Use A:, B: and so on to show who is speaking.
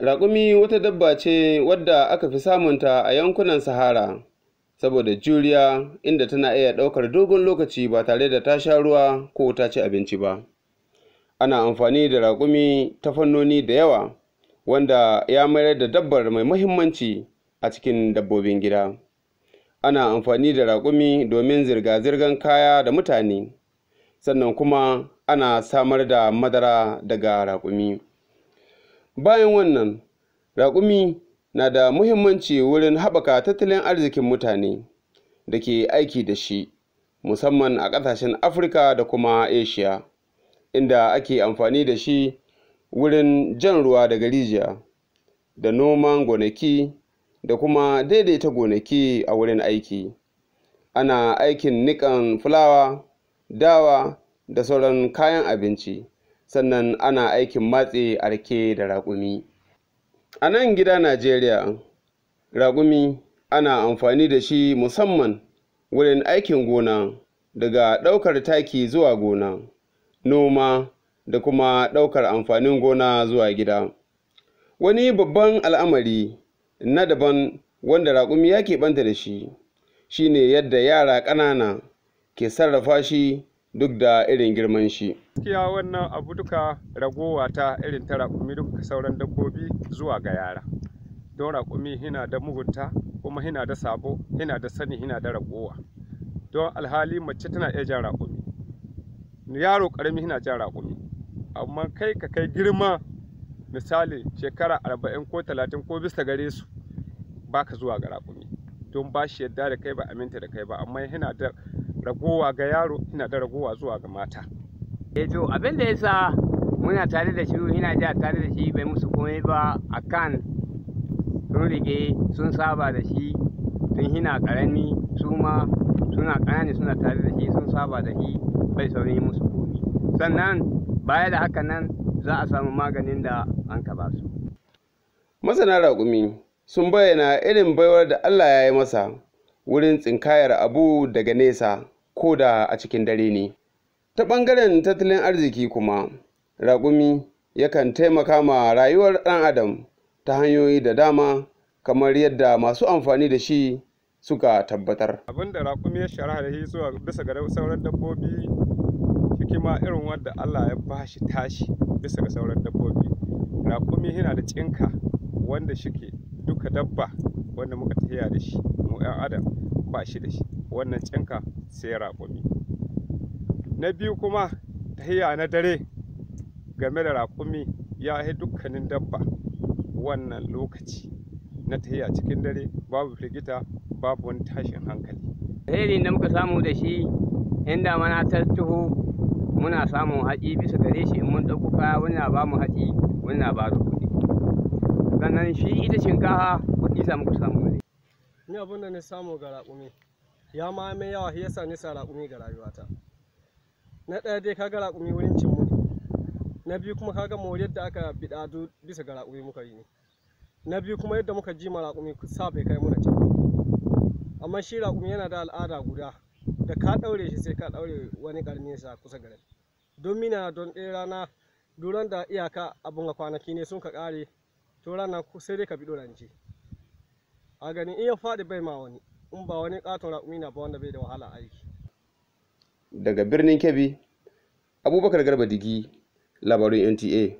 A: Raƙumi wata dabba ce wadda aka fi samunta a yankunan Sahara, saboda juriya inda tana iya ɗaukar dogon lokaci ba tare da ta sha ruwa ko ta ci abinci ba. Ana amfani da raƙumi ta fannoni da yawa, wanda ya mayar da dabbar mai muhimmanci a cikin dabbobin gida. Ana amfani da raƙumi domin zirga-zirgar kaya da mutane, sannan kuma ana samar da madara daga raƙumi. bayan wannan raƙumi na da muhimmanci wurin haɓaka tattalin arzikin mutane da ke aiki da shi musamman a ƙasashen afirka da kuma asia inda ake amfani da shi wurin jan ruwa daga rijiya da noman gonaki da kuma daidaita gonaki a wurin aiki ana aikin nikan fulawa dawa da sauran kayan abinci sannan ana aikin matse a rike da raƙumi a nan gida najeriya raƙumi ana amfani da shi musamman wurin aikin gona daga ɗaukar taki zuwa gona noma da kuma ɗaukar amfanin gona zuwa gida wani babban al'amari na daban wanda raƙumi yake keɓanta da shi shine yadda yara ƙanana ke sarrafa shi duk da irin girman shi.
B: Gaskiya wannan abu duka ragowa ta irin ta raƙumi duka sauran dabbobi zuwa ga yara. Don raƙumi hina da mugunta kuma hina da sabo hina da sani hina da ragowa. Don alhali mace tana iya jan raƙumi. Yaro ƙarami hina jan raƙumi. Amma kai ka kai girma misali shekara arba'in ko talatin ko bisa gare su ka zuwa ga raƙumi. Don ba shi yadda da kai ba aminta da kai ba amma hina da ragowa ga yaro ina
C: da ragowa zuwa ga mata eh to abin da yasa muna tare da shi ina ja tare da shi bai musu komai ba akan sun rige sun saba da shi tun hina karami su ma suna ƙanani suna tare da shi sun saba da shi bai saurin yi musu komai. sannan baya da haka nan za a samu maganin da an ka ba su
A: masana raƙumi sun bayyana irin baiwar da allah ya yi masa wurin tsinkayar abu daga nesa ko da a cikin dare ne ta ɓangaren tattalin arziki kuma raƙumi yakan taimaka ma rayuwar ɗan adam ta hanyoyi da dama kamar yadda masu amfani da shi suka tabbatar
B: abin da raƙumi ya shara da shi zuwa bisa ga sauran dabbobi hikima irin wadda allah ya ba shi tashi bisa ga sauran dabbobi raƙumi yana da cinka wanda shike duka dabba wanda muka tafiya da shi mu 'yan adam ba shi da shi wannan cinka sai raƙumi na biyu kuma tahiya na dare game da raƙumi ya yi dukkanin dabba wannan lokaci na tahiya cikin dare babu
C: firgita babu wani tashin hankali alheri da muka samu da shi inda mana ta tuhu muna samun haƙi bisa gare shi in mun ɗauko kaya wani na ba mu haƙi wani na ba da kuɗi sannan shi ita shinkafa kuɗi za muka samu ne
D: ni abin da na samu ga raƙumi ya ma mai yawa shi yasa nisa raƙumi ga rayuwata na ɗaya dai kaga raƙumi wurin cin mu. na biyu kuma kaga moriyar yadda aka biɗa bisa ga raƙumi muka yi ne na biyu kuma yadda muka jima raƙumi sa bai kai muna can amma shi raƙumi yana da al'ada guda da ka ɗaure shi sai ka ɗaure wani ƙarni sa kusa garin don mina don ɗaya rana duran da iyaka abin ga kwanaki ne sun ka ƙare to rana sai dai ka bi ɗorance a ganin iya faɗi bai ma wani in ba wani katon raƙumi na ba wanda bai da wahala aiki
C: daga
A: birnin kebbi abubakar garba digi labarin nta